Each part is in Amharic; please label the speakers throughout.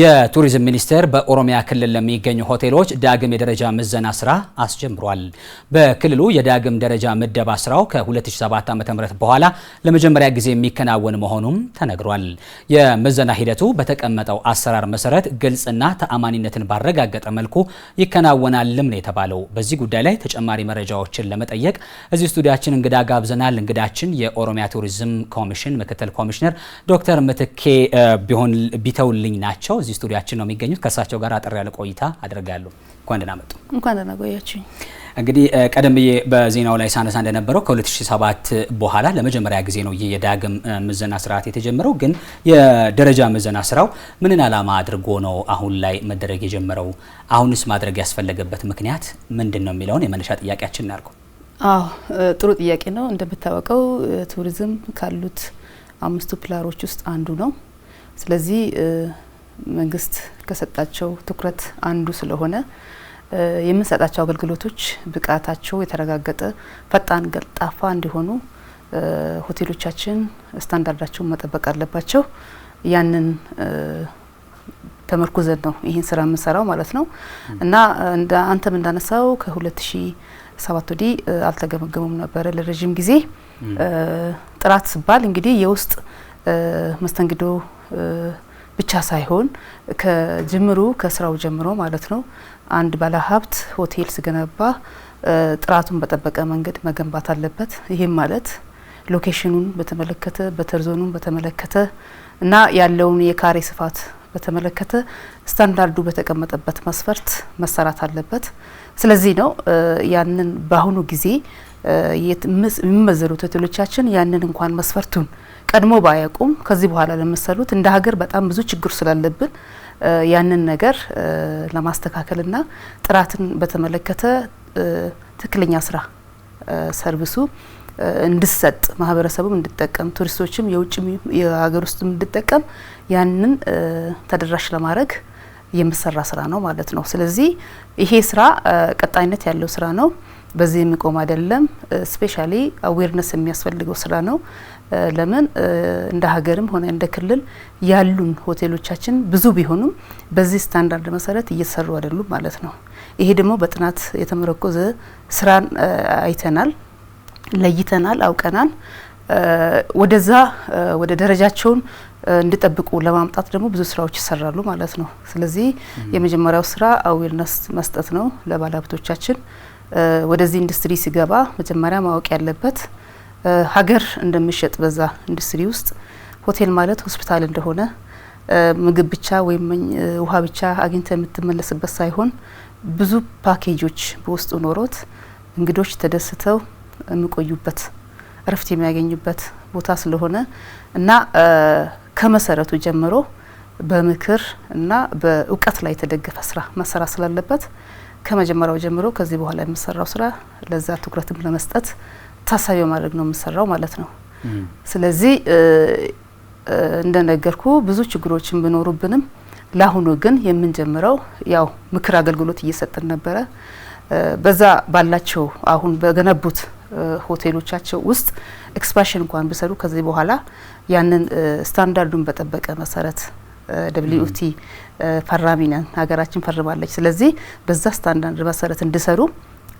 Speaker 1: የቱሪዝም ሚኒስቴር በኦሮሚያ ክልል ለሚገኙ ሆቴሎች ዳግም የደረጃ ምዘና ስራ አስጀምሯል። በክልሉ የዳግም ደረጃ ምደባ ስራው ከ2007 ዓ.ም በኋላ ለመጀመሪያ ጊዜ የሚከናወን መሆኑም ተነግሯል። የምዘና ሂደቱ በተቀመጠው አሰራር መሰረት ግልጽና ተአማኒነትን ባረጋገጠ መልኩ ይከናወናልም ነው የተባለው። በዚህ ጉዳይ ላይ ተጨማሪ መረጃዎችን ለመጠየቅ እዚህ ስቱዲያችን እንግዳ ጋብዘናል። እንግዳችን የኦሮሚያ ቱሪዝም ኮሚሽን ምክትል ኮሚሽነር ዶክተር ምትኬ ቢተውልኝ ናቸው። እዚህ ስቱዲያችን ነው የሚገኙት። ከእሳቸው ጋር አጠር ያለ ቆይታ አድርጋለሁ። እንኳን ደህና መጡ።
Speaker 2: እንኳን ደህና ቆያችሁኝ።
Speaker 1: እንግዲህ ቀደም ብዬ በዜናው ላይ ሳነሳ እንደነበረው ከ2007 በኋላ ለመጀመሪያ ጊዜ ነው ይህ የዳግም ምዘና ስርዓት የተጀመረው። ግን የደረጃ ምዘና ስራው ምንን ዓላማ አድርጎ ነው አሁን ላይ መደረግ የጀመረው? አሁንስ ማድረግ ያስፈለገበት ምክንያት ምንድን ነው የሚለውን የመነሻ ጥያቄያችን እናልኩ።
Speaker 2: አዎ ጥሩ ጥያቄ ነው። እንደምታወቀው ቱሪዝም ካሉት አምስቱ ፒላሮች ውስጥ አንዱ ነው። ስለዚህ መንግስት ከሰጣቸው ትኩረት አንዱ ስለሆነ የምንሰጣቸው አገልግሎቶች ብቃታቸው የተረጋገጠ ፈጣን፣ ቀልጣፋ እንዲሆኑ ሆቴሎቻችን ስታንዳርዳቸውን መጠበቅ አለባቸው። ያንን ተመርኩዘን ነው ይህን ስራ የምንሰራው ማለት ነው እና እንደ አንተም እንዳነሳው ከ2007 ወዲህ አልተገመገሙም ነበረ ለረዥም ጊዜ። ጥራት ሲባል እንግዲህ የውስጥ መስተንግዶ ብቻ ሳይሆን ከጅምሩ ከስራው ጀምሮ ማለት ነው አንድ ባለሀብት ሆቴል ስገነባ ጥራቱን በጠበቀ መንገድ መገንባት አለበት። ይህም ማለት ሎኬሽኑን በተመለከተ በተርዞኑን በተመለከተ እና ያለውን የካሬ ስፋት በተመለከተ ስታንዳርዱ በተቀመጠበት መስፈርት መሰራት አለበት። ስለዚህ ነው ያንን በአሁኑ ጊዜ የሚመዘሩ እህቶቻችን ያንን እንኳን መስፈርቱን ቀድሞ ባያውቁም ከዚህ በኋላ ለመሰሉት እንደ ሀገር በጣም ብዙ ችግር ስላለብን ያንን ነገር ለማስተካከልና ጥራትን በተመለከተ ትክክለኛ ስራ ሰርቪሱ እንድሰጥ ማህበረሰቡም እንድጠቀም ቱሪስቶችም የውጭ የሀገር ውስጥም እንድጠቀም ያንን ተደራሽ ለማድረግ የምሰራ ስራ ነው ማለት ነው። ስለዚህ ይሄ ስራ ቀጣይነት ያለው ስራ ነው። በዚህ የሚቆም አይደለም። ስፔሻሊ አዌርነስ የሚያስፈልገው ስራ ነው። ለምን እንደ ሀገርም ሆነ እንደ ክልል ያሉን ሆቴሎቻችን ብዙ ቢሆኑም በዚህ ስታንዳርድ መሰረት እየተሰሩ አይደሉም ማለት ነው። ይሄ ደግሞ በጥናት የተመረኮዘ ስራን አይተናል፣ ለይተናል፣ አውቀናል። ወደዛ ወደ ደረጃቸውን እንዲጠብቁ ለማምጣት ደግሞ ብዙ ስራዎች ይሰራሉ ማለት ነው። ስለዚህ የመጀመሪያው ስራ አዌርነስ መስጠት ነው ለባለሀብቶቻችን ወደዚህ ኢንዱስትሪ ሲገባ መጀመሪያ ማወቅ ያለበት ሀገር እንደሚሸጥ በዛ ኢንዱስትሪ ውስጥ ሆቴል ማለት ሆስፒታል እንደሆነ ምግብ ብቻ ወይም ውሃ ብቻ አግኝተ የምትመለስበት ሳይሆን ብዙ ፓኬጆች በውስጡ ኖሮት እንግዶች ተደስተው የሚቆዩበት እረፍት የሚያገኙበት ቦታ ስለሆነ እና ከመሰረቱ ጀምሮ በምክር እና በእውቀት ላይ የተደገፈ ስራ መሰራት ስላለበት ከመጀመሪያው ጀምሮ ከዚህ በኋላ የምሰራው ስራ ለዛ ትኩረትም ለመስጠት ታሳቢ ማድረግ ነው የምሰራው ማለት ነው። ስለዚህ እንደነገርኩ ብዙ ችግሮችን ቢኖሩብንም ለአሁኑ ግን የምንጀምረው ያው ምክር አገልግሎት እየሰጠን ነበረ። በዛ ባላቸው አሁን በገነቡት ሆቴሎቻቸው ውስጥ ኤክስፓንሽን እንኳን ቢሰሩ ከዚህ በኋላ ያንን ስታንዳርዱን በጠበቀ መሰረት ደብሊዩቲ ፈራሚ ነን፣ ሀገራችን ፈርማለች። ስለዚህ በዛ ስታንዳርድ መሰረት እንዲሰሩ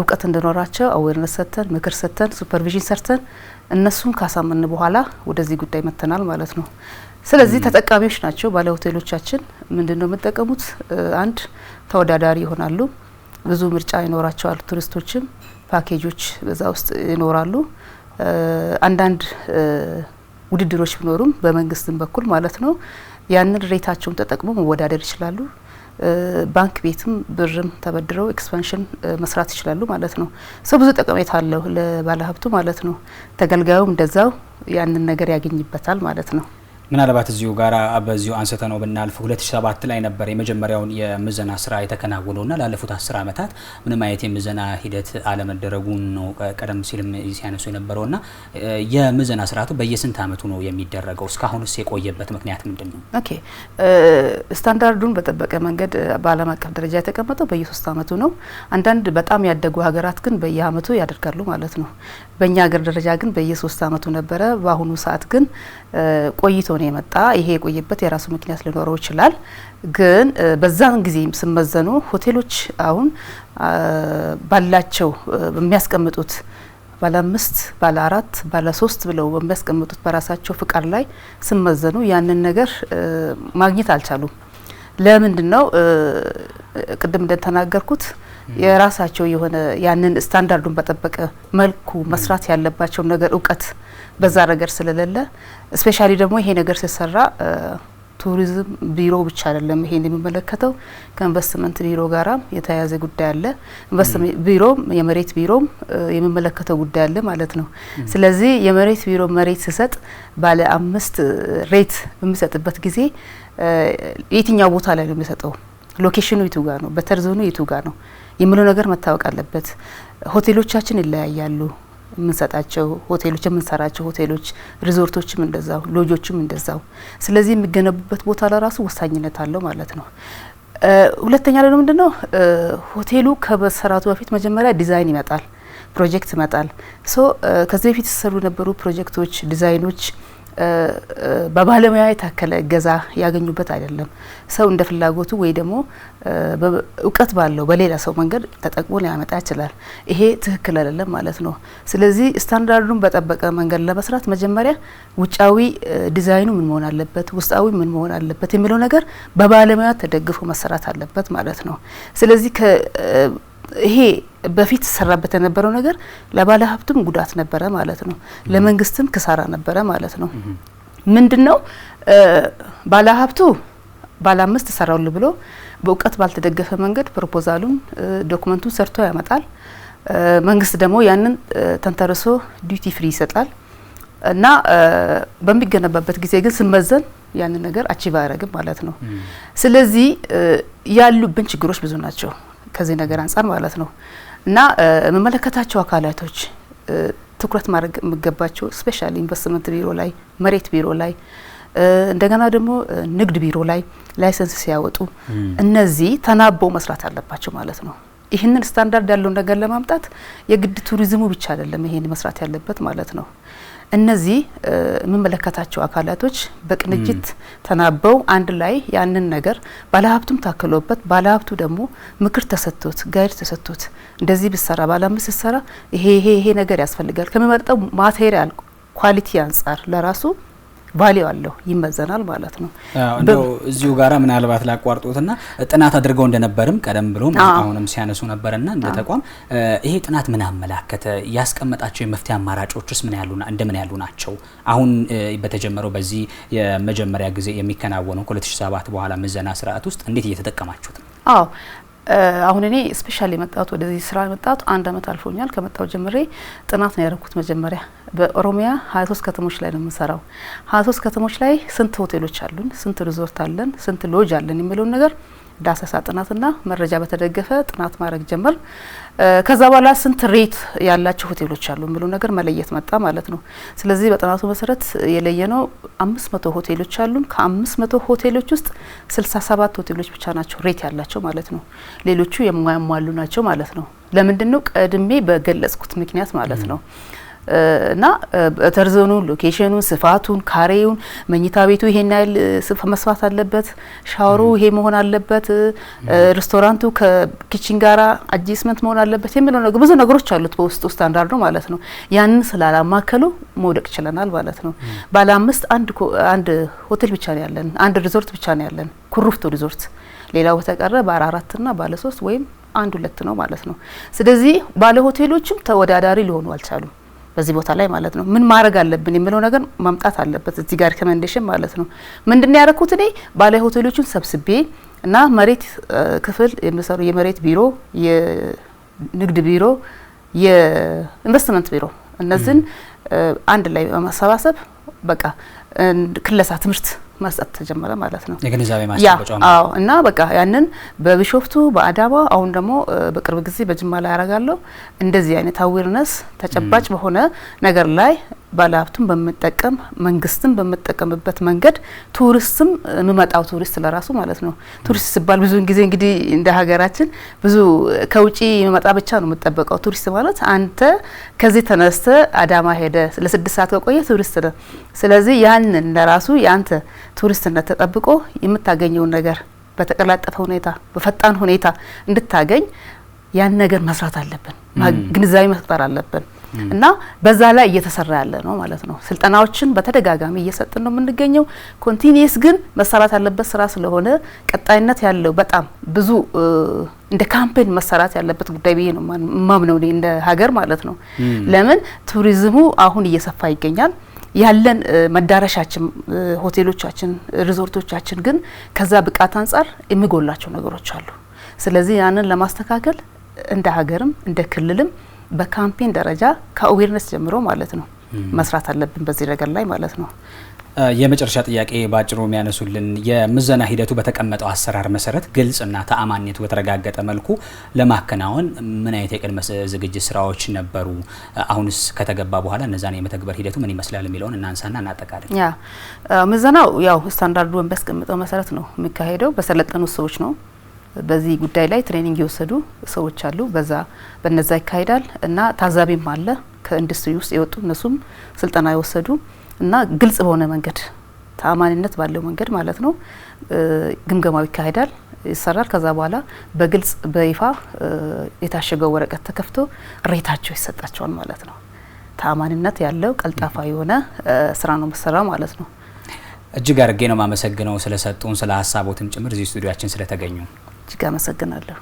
Speaker 2: እውቀት እንዲኖራቸው አዌርነስ ሰጥተን ምክር ሰጥተን ሱፐርቪዥን ሰርተን እነሱን ካሳመን በኋላ ወደዚህ ጉዳይ መጥተናል ማለት ነው። ስለዚህ ተጠቃሚዎች ናቸው ባለ ሆቴሎቻችን። ምንድን ነው የምጠቀሙት? አንድ ተወዳዳሪ ይሆናሉ፣ ብዙ ምርጫ ይኖራቸዋል። ቱሪስቶችም ፓኬጆች በዛ ውስጥ ይኖራሉ። አንዳንድ ውድድሮች ቢኖሩም በመንግስትም በኩል ማለት ነው ያንን ሬታቸውን ተጠቅሞ መወዳደር ይችላሉ። ባንክ ቤትም ብርም ተበድረው ኤክስፓንሽን መስራት ይችላሉ ማለት ነው። ሰው ብዙ ጠቀሜታ አለው ለባለሀብቱ ማለት ነው። ተገልጋዩም እንደዛው ያንን ነገር ያገኝበታል ማለት ነው።
Speaker 1: ምናልባት እዚሁ ጋር በዚሁ አንስተ ነው ብናልፍ 2007 ላይ ነበር የመጀመሪያውን የምዘና ስራ የተከናወነውና ላለፉት አስር ዓመታት ምንም አይነት የምዘና ሂደት አለመደረጉን ነው ቀደም ሲልም ሲያነሱ የነበረውና የምዘና ስርዓቱ በየስንት ዓመቱ ነው የሚደረገው? እስካሁንስ የቆየበት ምክንያት ምንድን ነው?
Speaker 2: ኦኬ ስታንዳርዱን በጠበቀ መንገድ በዓለም አቀፍ ደረጃ የተቀመጠው በየሶስት ዓመቱ ነው። አንዳንድ በጣም ያደጉ ሀገራት ግን በየአመቱ ያደርጋሉ ማለት ነው። በእኛ ሀገር ደረጃ ግን በየሶስት ዓመቱ ነበረ። በአሁኑ ሰዓት ግን ቆይቶ እየሆነ የመጣ ይሄ የቆየበት የራሱ ምክንያት ሊኖረው ይችላል። ግን በዛን ጊዜ ስመዘኑ ሆቴሎች አሁን ባላቸው በሚያስቀምጡት ባለ አምስት ባለ አራት ባለ ሶስት ብለው በሚያስቀምጡት በራሳቸው ፍቃድ ላይ ስመዘኑ ያንን ነገር ማግኘት አልቻሉም። ለምንድን ነው ቅድም እንደተናገርኩት የራሳቸው የሆነ ያንን ስታንዳርዱን በጠበቀ መልኩ መስራት ያለባቸው ነገር እውቀት በዛ ነገር ስለሌለ እስፔሻሊ ደግሞ ይሄ ነገር ሲሰራ ቱሪዝም ቢሮ ብቻ አይደለም ይሄን የሚመለከተው ከኢንቨስትመንት ቢሮ ጋራም የተያያዘ ጉዳይ አለ። ኢንቨስትመንት ቢሮም የመሬት ቢሮም የሚመለከተው ጉዳይ አለ ማለት ነው። ስለዚህ የመሬት ቢሮ መሬት ሲሰጥ ባለ አምስት ሬት በሚሰጥበት ጊዜ የትኛው ቦታ ላይ ነው የሚሰጠው፣ ሎኬሽኑ የቱ ጋር ነው፣ በተርዞኑ የቱ ጋር ነው የሚለው ነገር መታወቅ አለበት። ሆቴሎቻችን ይለያያሉ። የምንሰጣቸው ሆቴሎች የምንሰራቸው ሆቴሎች ሪዞርቶችም እንደዛው ሎጆችም እንደዛው። ስለዚህ የሚገነቡበት ቦታ ለራሱ ወሳኝነት አለው ማለት ነው። ሁለተኛ ደግሞ ምንድነው ሆቴሉ ከመሰራቱ በፊት መጀመሪያ ዲዛይን ይመጣል፣ ፕሮጀክት ይመጣል። ሶ ከዚህ በፊት የተሰሩ የነበሩ ፕሮጀክቶች ዲዛይኖች በባለሙያ የታከለ እገዛ ያገኙበት አይደለም። ሰው እንደ ፍላጎቱ ወይ ደግሞ እውቀት ባለው በሌላ ሰው መንገድ ተጠቅሞ ሊያመጣ ይችላል። ይሄ ትክክል አይደለም ማለት ነው። ስለዚህ ስታንዳርዱን በጠበቀ መንገድ ለመስራት መጀመሪያ ውጫዊ ዲዛይኑ ምን መሆን አለበት፣ ውስጣዊ ምን መሆን አለበት የሚለው ነገር በባለሙያ ተደግፎ መሰራት አለበት ማለት ነው። ስለዚህ ይሄ በፊት ሰራበት የነበረው ነገር ለባለ ሀብትም ጉዳት ነበረ ማለት ነው፣ ለመንግስትም ክሳራ ነበረ ማለት ነው። ምንድን ነው ባለ ሀብቱ ባለ አምስት ሰራውል ብሎ በእውቀት ባልተደገፈ መንገድ ፕሮፖዛሉን ዶክመንቱን ሰርቶ ያመጣል። መንግስት ደግሞ ያንን ተንተርሶ ዲዩቲ ፍሪ ይሰጣል እና በሚገነባበት ጊዜ ግን ስመዘን ያንን ነገር አቺቭ አያደርግም ማለት ነው። ስለዚህ ያሉብን ችግሮች ብዙ ናቸው ከዚህ ነገር አንጻር ማለት ነው። እና መመለከታቸው አካላቶች ትኩረት ማድረግ የሚገባቸው ስፔሻል ኢንቨስትመንት ቢሮ ላይ፣ መሬት ቢሮ ላይ እንደገና ደግሞ ንግድ ቢሮ ላይ ላይሰንስ ሲያወጡ እነዚህ ተናበው መስራት አለባቸው ማለት ነው። ይህንን ስታንዳርድ ያለው ነገር ለማምጣት የግድ ቱሪዝሙ ብቻ አይደለም ይሄን መስራት ያለበት ማለት ነው። እነዚህ የምመለከታቸው አካላቶች በቅንጅት ተናበው አንድ ላይ ያንን ነገር ባለሀብቱም ታክሎበት ባለሀብቱ ደግሞ ምክር ተሰጥቶት ጋይድ ተሰጥቶት እንደዚህ ብሰራ ባለአምስት ስሰራ ይሄ ይሄ ይሄ ነገር ያስፈልጋል ከሚመርጠው ማቴሪያል ኳሊቲ አንጻር ለራሱ ቫሊው አለው ይመዘናል ማለት ነው።
Speaker 1: እንደው እዚሁ ጋራ ምናልባት ላቋርጡትና ጥናት አድርገው እንደነበርም ቀደም ብሎም አሁንም ሲያነሱ ነበርና እንደ ተቋም ይሄ ጥናት ምን አመላከተ? ያስቀመጣቸው የመፍትሄ አማራጮችስ ምን ያሉ እንደምን ያሉ ናቸው? አሁን በተጀመረው በዚህ የመጀመሪያ ጊዜ የሚከናወነው ከ2007 በኋላ ምዘና ስርዓት ውስጥ እንዴት እየተጠቀማችሁት ነው?
Speaker 2: አዎ አሁን እኔ ስፔሻሊ የመጣሁት ወደዚህ ስራ የመጣሁት አንድ አመት አልፎኛል። ከመጣው ጀምሬ ጥናት ነው ያደረኩት። መጀመሪያ በኦሮሚያ ሀያ ሶስት ከተሞች ላይ ነው የምንሰራው። ሀያ ሶስት ከተሞች ላይ ስንት ሆቴሎች አሉን፣ ስንት ሪዞርት አለን፣ ስንት ሎጅ አለን የሚለውን ነገር ዳሰሳ ጥናትና መረጃ በተደገፈ ጥናት ማድረግ ጀመር። ከዛ በኋላ ስንት ሬት ያላቸው ሆቴሎች አሉ የሚሉ ነገር መለየት መጣ ማለት ነው። ስለዚህ በጥናቱ መሰረት የለየነው አምስት መቶ ሆቴሎች አሉ ከአምስት መቶ ሆቴሎች ውስጥ ስልሳ ሰባት ሆቴሎች ብቻ ናቸው ሬት ያላቸው ማለት ነው። ሌሎቹ የማያሟሉ ናቸው ማለት ነው። ለምንድን ነው ቀድሜ በገለጽኩት ምክንያት ማለት ነው። እና ተርዘኑን፣ ሎኬሽኑን፣ ስፋቱን፣ ካሬውን፣ መኝታ ቤቱ ይሄን ያህል መስፋት አለበት፣ ሻወሩ ይሄ መሆን አለበት፣ ሬስቶራንቱ ከኪችን ጋራ አጅስመንት መሆን አለበት የሚለው ነገር ብዙ ነገሮች አሉት በውስጡ ስታንዳርዱ ማለት ነው። ያንን ስላላማከሉ መውደቅ ችለናል ማለት ነው። ባለ አምስት አንድ ሆቴል ብቻ ነው ያለን፣ አንድ ሪዞርት ብቻ ነው ያለን ኩሩፍቱ ሪዞርት። ሌላው በተቀረ ባለ አራትና ባለ ሶስት ወይም አንድ ሁለት ነው ማለት ነው። ስለዚህ ባለ ሆቴሎችም ተወዳዳሪ ሊሆኑ አልቻሉም። በዚህ ቦታ ላይ ማለት ነው ምን ማድረግ አለብን የሚለው ነገር ማምጣት አለበት። እዚህ ጋር ሪኮመንዴሽን ማለት ነው ምንድን ያደረኩት እኔ ባለ ሆቴሎቹን ሰብስቤ እና መሬት ክፍል የሚሰሩ የመሬት ቢሮ፣ የንግድ ቢሮ፣ የኢንቨስትመንት ቢሮ እነዚህን አንድ ላይ በማሰባሰብ በቃ ክለሳ ትምህርት መስጠት ተጀመረ ማለት ነው።
Speaker 1: የግንዛቤ ማስጨበጫ
Speaker 2: አዎ። እና በቃ ያንን በቢሾፍቱ በአዳማ አሁን ደግሞ በቅርብ ጊዜ በጅማ ላይ ያደርጋለሁ። እንደዚህ አይነት አዌርነስ ተጨባጭ በሆነ ነገር ላይ ባለሀብቱን በምጠቀም መንግስትን በምጠቀምበት መንገድ ቱሪስትም የሚመጣው ቱሪስት ለራሱ ማለት ነው። ቱሪስት ሲባል ብዙውን ጊዜ እንግዲህ እንደ ሀገራችን ብዙ ከውጪ የሚመጣ ብቻ ነው የምጠበቀው። ቱሪስት ማለት አንተ ከዚህ ተነስተ አዳማ ሄደ ለስድስት ሰዓት ከቆየ ቱሪስት ነ ስለዚህ ያንን ለራሱ የአንተ ቱሪስትነት ተጠብቆ የምታገኘውን ነገር በተቀላጠፈ ሁኔታ በፈጣን ሁኔታ እንድታገኝ ያን ነገር መስራት አለብን፣ ግንዛቤ መፍጠር አለብን። እና በዛ ላይ እየተሰራ ያለ ነው ማለት ነው። ስልጠናዎችን በተደጋጋሚ እየሰጥን ነው የምንገኘው። ኮንቲኒየስ ግን መሰራት ያለበት ስራ ስለሆነ ቀጣይነት ያለው በጣም ብዙ እንደ ካምፔን መሰራት ያለበት ጉዳይ ብዬ ነው ማምነው እንደ ሀገር ማለት ነው። ለምን ቱሪዝሙ አሁን እየሰፋ ይገኛል ያለን መዳረሻችን ሆቴሎቻችን፣ ሪዞርቶቻችን ግን ከዛ ብቃት አንጻር የሚጎላቸው ነገሮች አሉ። ስለዚህ ያንን ለማስተካከል እንደ ሀገርም እንደ ክልልም በካምፔን ደረጃ ከአዌርነስ ጀምሮ ማለት ነው መስራት አለብን በዚህ ነገር ላይ ማለት ነው።
Speaker 1: የመጨረሻ ጥያቄ በአጭሩ የሚያነሱልን የምዘና ሂደቱ በተቀመጠው አሰራር መሰረት ግልጽና ተአማኒቱ በተረጋገጠ መልኩ ለማከናወን ምን አይነት የቅድመ ዝግጅት ስራዎች ነበሩ? አሁንስ ከተገባ በኋላ እነዛን የመተግበር ሂደቱ ምን ይመስላል የሚለውን እናንሳና እናጠቃለን።
Speaker 2: ያ ምዘናው ያው ስታንዳርዱ በስቀምጠው መሰረት ነው የሚካሄደው። በሰለጠኑ ሰዎች ነው በዚህ ጉዳይ ላይ ትሬኒንግ የወሰዱ ሰዎች አሉ። በዛ በነዛ ይካሄዳል እና ታዛቢም አለ ከኢንዱስትሪ ውስጥ የወጡ እነሱም ስልጠና የወሰዱ እና ግልጽ በሆነ መንገድ ተአማኒነት ባለው መንገድ ማለት ነው ግምገማው ይካሄዳል ይሰራል። ከዛ በኋላ በግልጽ በይፋ የታሸገው ወረቀት ተከፍቶ ሬታቸው ይሰጣቸዋል ማለት ነው። ተአማኒነት ያለው ቀልጣፋ የሆነ ስራ ነው መሰራው ማለት ነው።
Speaker 1: እጅግ አድርጌ ነው የማመሰግነው ስለሰጡን ስለ ሀሳቦትም ጭምር እዚህ ስቱዲዮችን ስለተገኙ
Speaker 2: እጅግ አመሰግናለሁ።